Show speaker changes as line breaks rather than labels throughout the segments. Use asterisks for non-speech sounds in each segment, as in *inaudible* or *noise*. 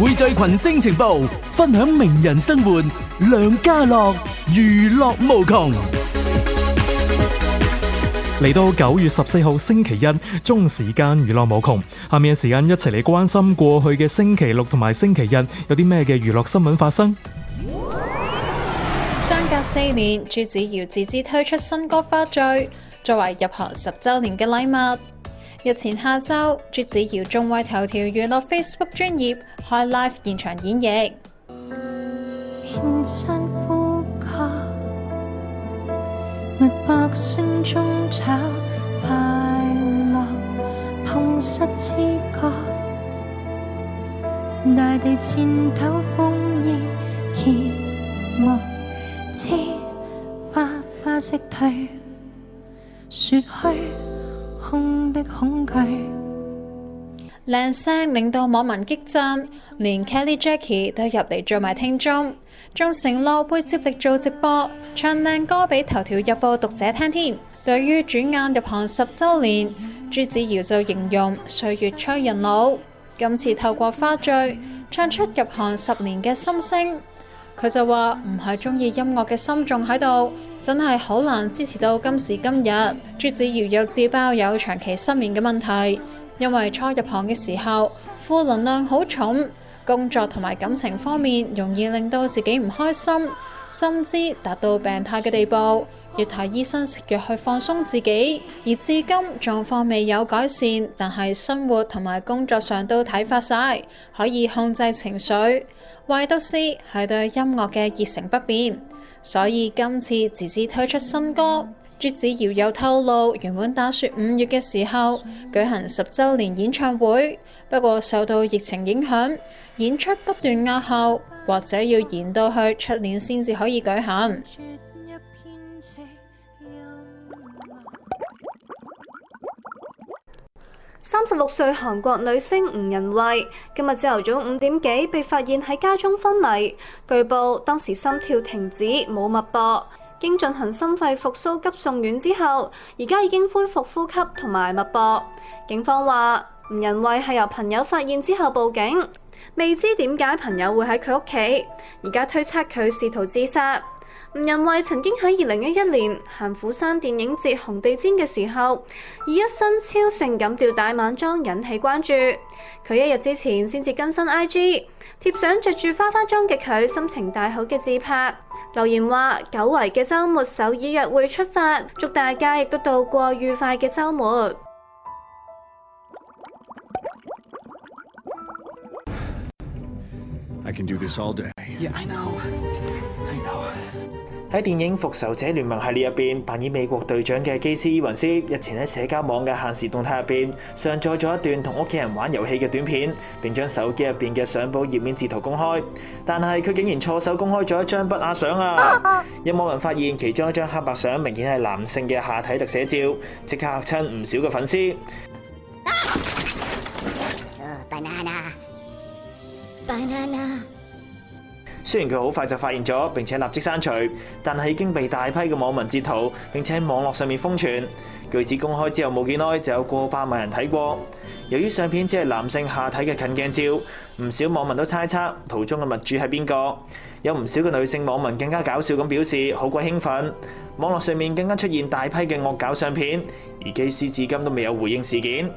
匯聚群星情報，分享名人生活，梁家樂，娛樂無窮。嚟到九月十四號星期一中時間，娛樂無窮。下面嘅時間一齊嚟關心過去嘅星期六同埋星期日有啲咩嘅娛樂新聞發生。
相隔四年，朱子瑤自資推出新歌《花醉》，作為入行十週年嘅禮物。日前下晝，朱梓驍仲為頭條娛樂 Facebook 專頁開 live 現場演繹。靚聲令到網民激讚，連 Kelly Jackie 都入嚟做埋聽眾，仲承諾會接力做直播，唱靚歌俾頭條日報讀者聽添。對於轉眼入行十周年，朱子瑤就形容歲月催人老，今次透過花醉唱出入行十年嘅心聲。佢就話唔係中意音樂嘅心仲喺度，真係好難支持到今時今日。朱子儀有自爆有長期失眠嘅問題，因為初入行嘅時候負能量好重，工作同埋感情方面容易令到自己唔開心，甚至達到病態嘅地步，要睇醫生食藥去放鬆自己。而至今狀況未有改善，但係生活同埋工作上都睇發晒，可以控制情緒。懷舊斯係對音樂嘅熱誠不變，所以今次自資推出新歌。朱子瑤又透露原本打算五月嘅時候舉行十周年演唱會，不過受到疫情影響，演出不斷押後，或者要延到去出年先至可以舉行。三十六歲韓
國女星吳仁慧今日朝頭早五點幾被發現喺家中昏迷，據報當時心跳停止，冇脈搏，經進行心肺復甦急送院之後，而家已經恢復呼吸同埋脈搏。警方話吳仁慧係由朋友發現之後報警，未知點解朋友會喺佢屋企，而家推測佢試圖自殺。吳仁慧曾經喺二零一一年行釜山電影節紅地毯嘅時候，以一身超性感吊帶晚裝引起關注。佢一日之前先至更新 IG，貼上着住花花裝嘅佢心情大好嘅自拍，留言話久違嘅周末首爾約會出發，祝大家亦都度過愉快嘅周末。
I can do this all day. Yeah, I know. 喺電影《復仇者聯盟》系列入邊扮演美國隊長嘅基斯·伊雲斯日前喺社交網嘅限時動態入邊上載咗一段同屋企人玩遊戲嘅短片，並將手機入邊嘅相簿頁面截圖公開，但係佢竟然錯手公開咗一張不雅相啊！有網民發現其中一張黑白相明顯係男性嘅下體特寫照，即刻嚇親唔少嘅粉絲。雖然佢好快就發現咗，並且立即刪除，但係已經被大批嘅網民截圖，並且喺網絡上面瘋傳。據指公開之後冇幾耐就有過百萬人睇過。由於相片只係男性下體嘅近鏡照，唔少網民都猜測圖中嘅物主係邊個。有唔少嘅女性網民更加搞笑咁表示好鬼興奮。網絡上面更加出現大批嘅惡搞相片，而機師至今都未有回應事件。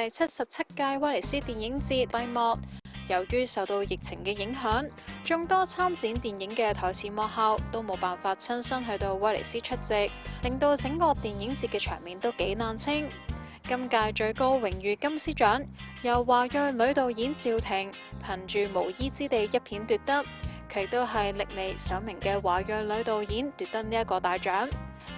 第七十七屆威尼斯電影節閉幕，由於受到疫情嘅影響，眾多參展電影嘅台前幕後都冇辦法親身去到威尼斯出席，令到整個電影節嘅場面都幾難清。今屆最高榮譽金獅獎由華裔女導演趙婷憑住《無依之地》一片奪得，佢都係歷嚟首名嘅華裔女導演奪得呢一個大獎。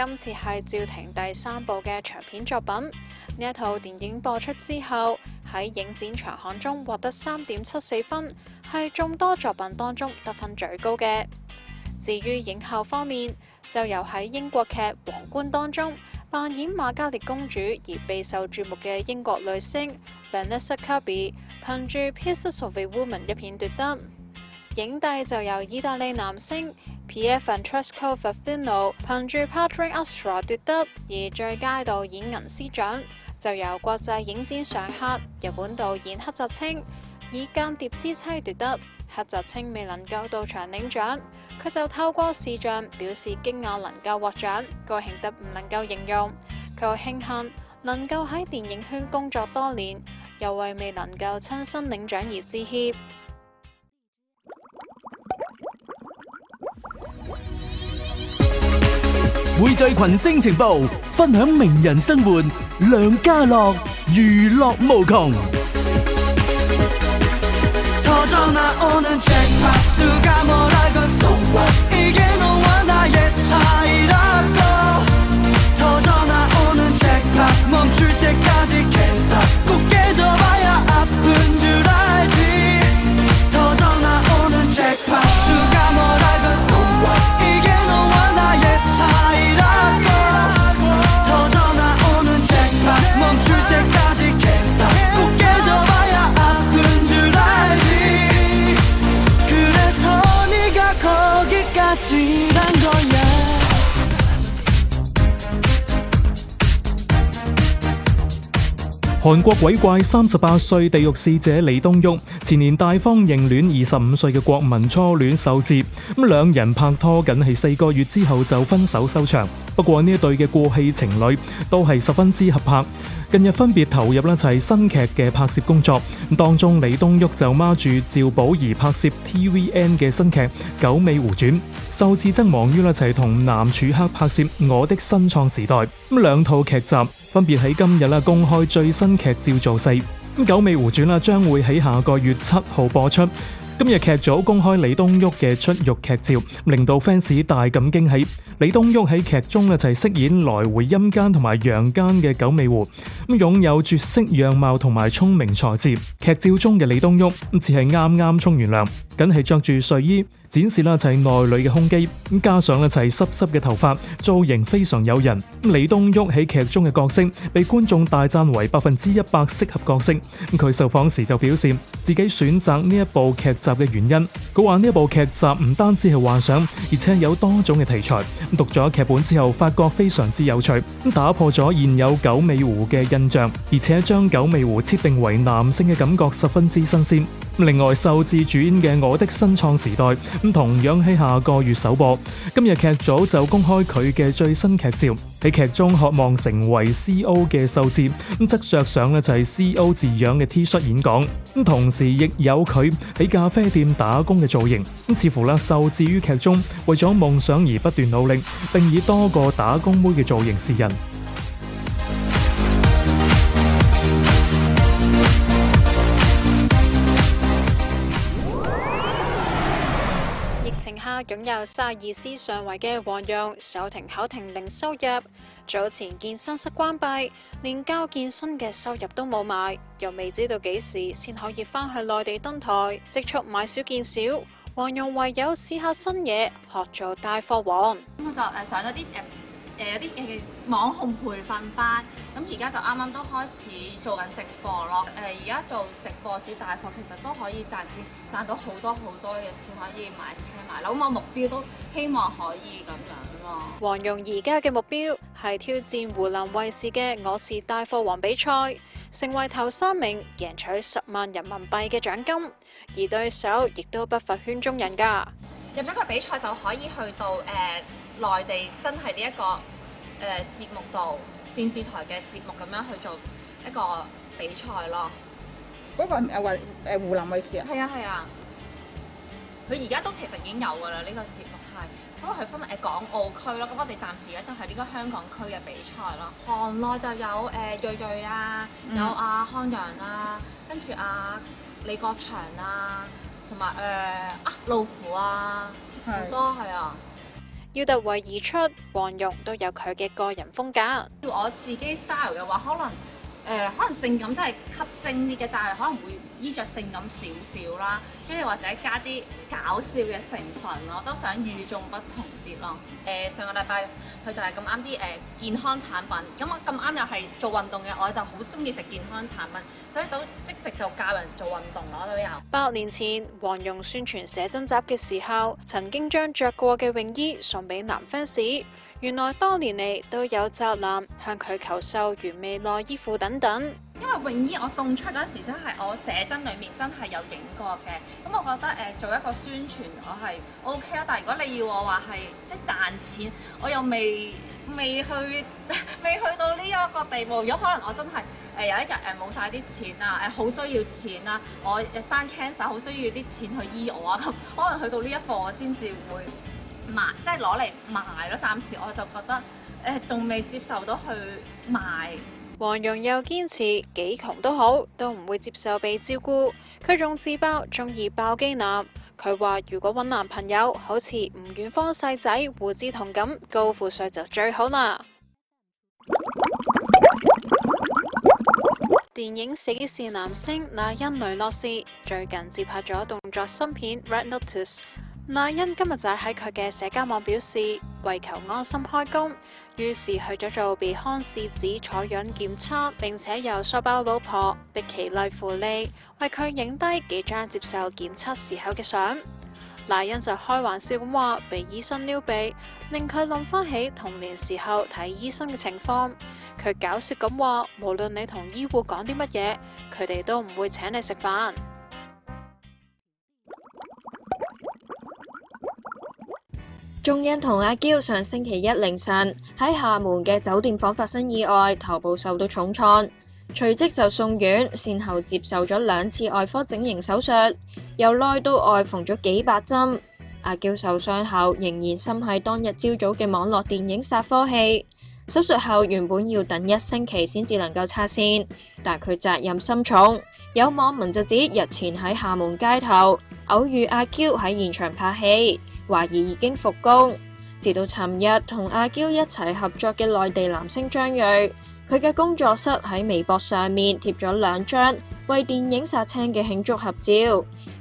今次係趙婷第三部嘅長片作品，呢一套電影播出之後喺影展場刊中獲得三點七四分，係眾多作品當中得分最高嘅。至於影后方面，就由喺英國劇《皇冠》當中扮演瑪嘉烈公主而備受注目嘅英國女星 Vanessa Kirby 憑住《Pieces of a Woman》一片奪得。影帝就由意大利男星。Pierfrancesco Favino 憑住《Padrenostro》奪得，而最佳導演銀獅獎，就由國際影展常客日本導演黑澤清以《間諜之妻》奪得。黑澤清未能夠到場領獎，佢就透過視像表示驚訝能夠獲獎，高興得唔能夠形容，佢好慶幸能夠喺電影圈工作多年，又為未能夠親身領獎而致歉。
匯聚群星情報，分享名人生活，梁家樂，娛樂無窮。韓國鬼怪三十八歲地獄使者李東旭前年大方認戀二十五歲嘅國民初戀秀智，咁兩人拍拖僅係四個月之後就分手收場。不過呢一對嘅過氣情侶都係十分之合拍。近日分別投入一齊新劇嘅拍攝工作，當中李東旭就孖住趙寶儀拍攝 TVN 嘅新劇《九尾狐傳》，秀智則忙於一齊同南柱赫拍攝《我的新創時代》，咁兩套劇集分別喺今日啊公開最新劇照造勢。咁《九尾狐傳》啦，將會喺下個月七號播出。今日劇組公開李東旭嘅出浴劇照，令到 fans 大感驚喜。李東旭喺劇中呢就係飾演來回陰間同埋陽間嘅九尾狐，咁擁有絕色樣貌同埋聰明才智。劇照中嘅李東旭，咁只係啱啱沖完涼，淨係著住睡衣，展示啦就係內裏嘅胸肌，咁加上啦就係濕濕嘅頭髮，造型非常誘人。李東旭喺劇中嘅角色被觀眾大讚為百分之一百適合角色。咁佢受訪時就表示自己選擇呢一部劇集嘅原因，佢話呢一部劇集唔單止係幻想，而且有多種嘅題材。咁讀咗劇本之後，發覺非常之有趣，咁打破咗現有九尾狐嘅印象，而且將九尾狐設定為男性嘅感覺十分之新鮮。另外，秀智主演嘅《我的新創時代》咁，同樣喺下個月首播。今日劇組就公開佢嘅最新劇照，喺劇中渴望成為 C.O 嘅秀智。咁則着上咧就係 C.O 字樣嘅 T 恤演講。咁同時亦有佢喺咖啡店打工嘅造型。咁似乎咧秀智於劇中，為咗夢想而不斷努力，並以多個打工妹嘅造型示人。
擁有 32C 上位嘅黃勇，手停口停零收入，早前健身室關閉，連教健身嘅收入都冇埋，又未知道幾時先可以翻去內地登台，積蓄買少見少，黃勇唯有試下新嘢，學做帶貨王。我
就上咗啲呃、有啲嘅
網紅培
訓班，咁而家就啱啱都開始做緊直播咯。誒，而家做直播主大貨，其實都可以賺錢，賺到好多好多嘅錢，可以買車買樓。咁我目標都希望可以咁樣
咯。黃蓉而家嘅目標係挑戰湖南衛視嘅《我是大貨王》比賽，成為頭三名，贏取十萬人民幣嘅獎金。而對手亦都不乏圈中人㗎。入咗個比賽就
可以去到誒。呃內地真係呢一個誒、呃、節目度電視台嘅節目咁樣去做一個比賽咯。嗰、那個誒衞、呃呃、湖南衛視。啊？係啊係啊，佢而家都其實已經有㗎啦，呢、這個節目係。咁佢、嗯、分誒港澳區咯，咁我哋暫時咧就係呢個香港區嘅比賽咯。行內就有誒瑞瑞啊，有阿、啊、康陽啊，跟住阿、啊、
李國祥啊，
同埋誒啊老虎啊，好多係啊。是
要突圍而出，黃蓉都有佢嘅個人風格。要我
自己 style 嘅話，可能。誒、呃、可能性感真係吸睛啲嘅，但係可能會衣着性感少少啦，跟住或者加啲搞笑嘅成分咯，我都想與眾不同啲咯。誒、呃、上個禮拜佢就係咁啱啲誒健康產品，咁我咁啱又係做運動嘅，我就好中意食健康產品，所以都即席就教人做運動
咯都有。百年前，黃蓉宣傳寫真集嘅時候，曾經將着過嘅泳衣送俾男 fans。原來多年嚟都有宅男向佢求售原味內衣褲等等。
因為泳衣我送出嗰時真係我寫真裏面真係有影過嘅，咁我覺得誒、呃、做一個宣傳我係 O K 啦。但如果你要我話係即係賺錢，我又未未去 *laughs* 未去到呢一個地步。如果可能我真係誒、呃、有一日誒冇晒啲錢啊，誒、呃、好需要錢啊，我生 cancer 好需要啲錢去醫我啊，可能去到呢一步我先至會。賣即係攞嚟賣咯，暫時我就覺得誒，仲、呃、未接受到去
賣。黃蓉又堅持幾窮都好，都唔會接受被照顧。佢仲自爆中意爆肌男。佢話如果搵男朋友，好似吳遠芳細仔胡志同咁高富帥就最好啦。電影《死侍》男星那因雷諾斯最近接拍咗動作新片《Red Notice》。賴恩今日就喺佢嘅社交網表示，為求安心開工，於是去咗做鼻腔試紙採樣檢測，並且由梳包老婆碧琪麗芙莉為佢影低幾張接受檢測時候嘅相。賴恩就開玩笑咁話被醫生撩鼻，令佢諗翻起童年時候睇醫生嘅情況。佢搞笑咁話，無論你同醫護講啲乜嘢，佢哋都唔會請你食飯。
鍾欣同阿嬌上星期一凌晨喺廈門嘅酒店房發生意外，頭部受到重創，隨即就送院，先後接受咗兩次外科整形手術，由內到外縫咗幾百針。阿嬌受傷後仍然心繫當日朝早嘅網絡電影《殺科戲》，手術後原本要等一星期先至能夠拆線，但佢責任心重。有網民就指日前喺廈門街頭，偶遇阿嬌喺現場拍戲，懷疑已經復工。直到尋日同阿嬌一齊合作嘅內地男星張睿，佢嘅工作室喺微博上面貼咗兩張為電影殺青嘅慶祝合照。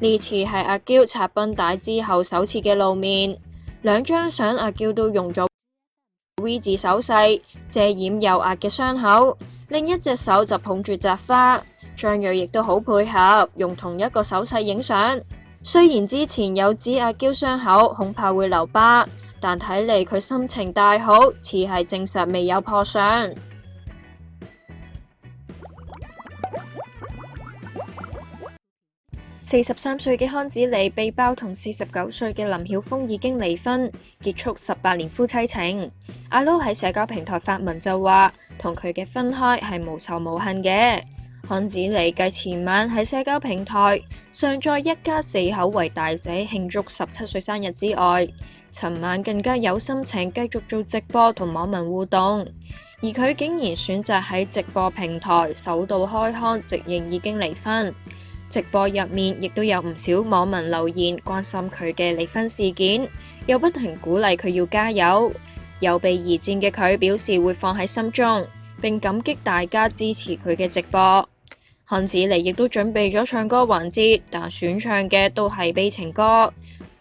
呢次係阿嬌拆繃帶之後首次嘅露面，兩張相阿嬌都用咗 V 字手勢遮掩右額嘅傷口，另一隻手就捧住紮花。張睿亦都好配合，用同一個手勢影相。雖然之前有指阿嬌傷口恐怕會留疤，但睇嚟佢心情大好，似係證實未有破相。四十三歲嘅康子麗被爆同四十九歲嘅林曉峰已經離婚，結束十八年夫妻情。阿 Lo 喺社交平台發文就話，同佢嘅分開係無仇無恨嘅。漢子嚟繼前晚喺社交平台上載一家四口為大仔慶祝十七歲生日之外，尋晚更加有心情繼續做直播同網民互動。而佢竟然選擇喺直播平台首度開腔，直認已經離婚。直播入面亦都有唔少網民留言關心佢嘅離婚事件，又不停鼓勵佢要加油。有備而戰嘅佢表示會放喺心中，並感激大家支持佢嘅直播。康子妮亦都準備咗唱歌環節，但選唱嘅都係悲情歌，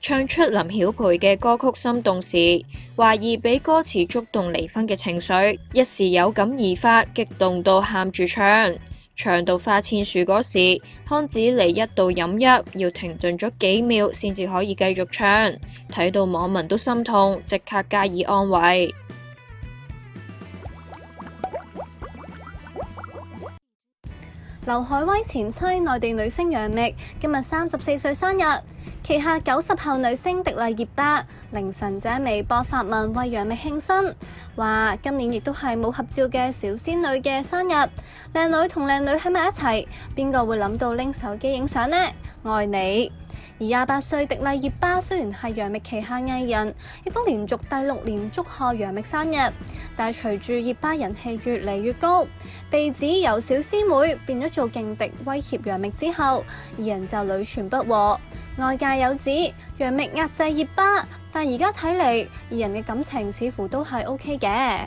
唱出林曉培嘅歌曲《心動》時，懷疑被歌詞觸動離婚嘅情緒，一時有感而發，激動到喊住唱，唱到花千樹嗰時，康子妮一度飲泣，要停頓咗幾秒先至可以繼續唱，睇到網民都心痛，即刻加以安慰。
劉愷威前妻、內地女星楊冪今日三十四歲生日。旗下九十後女星迪麗熱巴凌晨在微博發文為楊冪慶生，話今年亦都係冇合照嘅小仙女嘅生日，靚女同靚女喺埋一齊，邊個會諗到拎手機影相呢？愛你。而廿八歲迪麗熱巴雖然係楊冪旗下藝人，亦都連續第六年祝賀楊冪生日，但係隨住熱巴人氣越嚟越高，被指由小師妹變咗做勁敵，威脅楊冪之後，二人就屢傳不和。外界有指楊冪壓制熱巴，但而家睇嚟，二人嘅感情似乎都係 OK 嘅。